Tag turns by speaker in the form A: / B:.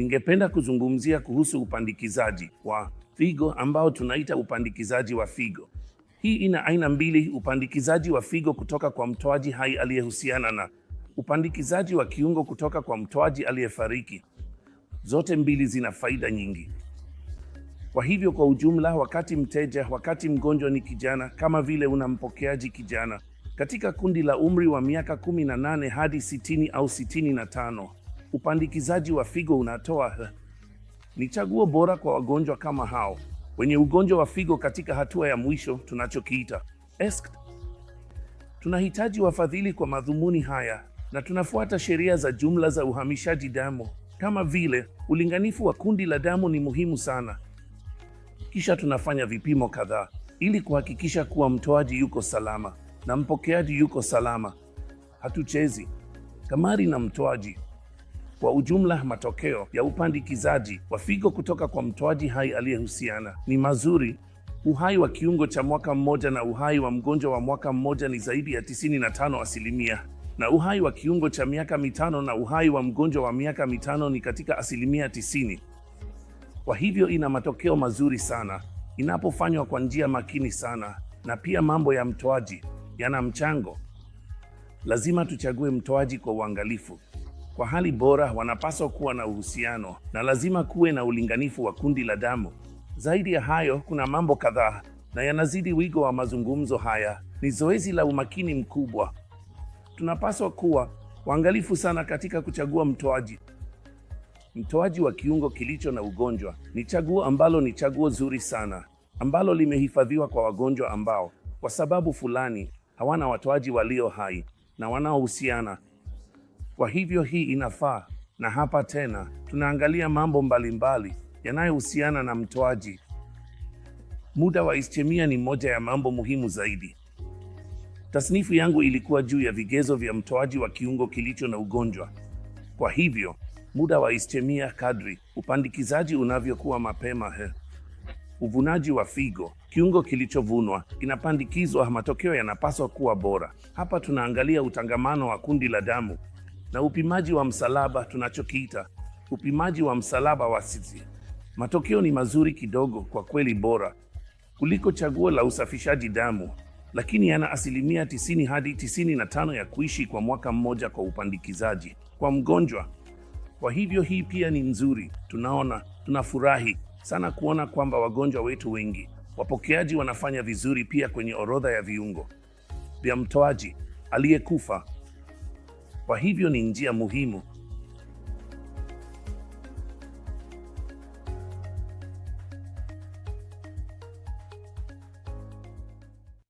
A: ningependa kuzungumzia kuhusu upandikizaji wa figo ambao tunaita upandikizaji wa figo. Hii ina aina mbili: upandikizaji wa figo kutoka kwa mtoaji hai aliyehusiana na upandikizaji wa kiungo kutoka kwa mtoaji aliyefariki. Zote mbili zina faida nyingi. Kwa hivyo, kwa ujumla, wakati mteja, wakati mgonjwa ni kijana, kama vile una mpokeaji kijana katika kundi la umri wa miaka 18 hadi 60 au 65 upandikizaji wa figo unatoa ni chaguo bora kwa wagonjwa kama hao wenye ugonjwa wa figo katika hatua ya mwisho tunachokiita Tunahitaji wafadhili kwa madhumuni haya na tunafuata sheria za jumla za uhamishaji damu, kama vile ulinganifu wa kundi la damu ni muhimu sana. Kisha tunafanya vipimo kadhaa ili kuhakikisha kuwa mtoaji yuko salama na mpokeaji yuko salama. Hatuchezi kamari na mtoaji. Kwa ujumla, matokeo ya upandikizaji wa figo kutoka kwa mtoaji hai aliyehusiana ni mazuri. Uhai wa kiungo cha mwaka mmoja na uhai wa mgonjwa wa mwaka mmoja ni zaidi ya 95 asilimia na uhai wa kiungo cha miaka mitano na uhai wa mgonjwa wa miaka mitano ni katika asilimia 90. Kwa hivyo ina matokeo mazuri sana inapofanywa kwa njia makini sana, na pia mambo ya mtoaji yana mchango. Lazima tuchague mtoaji kwa uangalifu. Kwa hali bora, wanapaswa kuwa na uhusiano na lazima kuwe na ulinganifu wa kundi la damu. Zaidi ya hayo, kuna mambo kadhaa na yanazidi wigo wa mazungumzo haya. Ni zoezi la umakini mkubwa. Tunapaswa kuwa waangalifu sana katika kuchagua mtoaji. Mtoaji wa kiungo kilicho na ugonjwa ni chaguo ambalo ni chaguo zuri sana, ambalo limehifadhiwa kwa wagonjwa ambao kwa sababu fulani hawana watoaji walio hai na wanaohusiana kwa hivyo hii inafaa, na hapa tena tunaangalia mambo mbalimbali yanayohusiana na mtoaji. Muda wa ischemia ni moja ya mambo muhimu zaidi. Tasnifu yangu ilikuwa juu ya vigezo vya mtoaji wa kiungo kilicho na ugonjwa. Kwa hivyo muda wa ischemia, kadri upandikizaji unavyokuwa mapema, he, uvunaji wa figo, kiungo kilichovunwa inapandikizwa, matokeo yanapaswa kuwa bora. Hapa tunaangalia utangamano wa kundi la damu na upimaji wa msalaba tunachokiita upimaji wa msalaba wa sisi. Matokeo ni mazuri kidogo, kwa kweli bora kuliko chaguo la usafishaji damu, lakini yana asilimia 90 hadi 95 ya kuishi kwa mwaka mmoja kwa upandikizaji kwa mgonjwa. Kwa hivyo hii pia ni nzuri. Tunaona, tunafurahi sana kuona kwamba wagonjwa wetu wengi wapokeaji wanafanya vizuri pia kwenye orodha ya viungo vya mtoaji aliyekufa. Kwa hivyo ni njia muhimu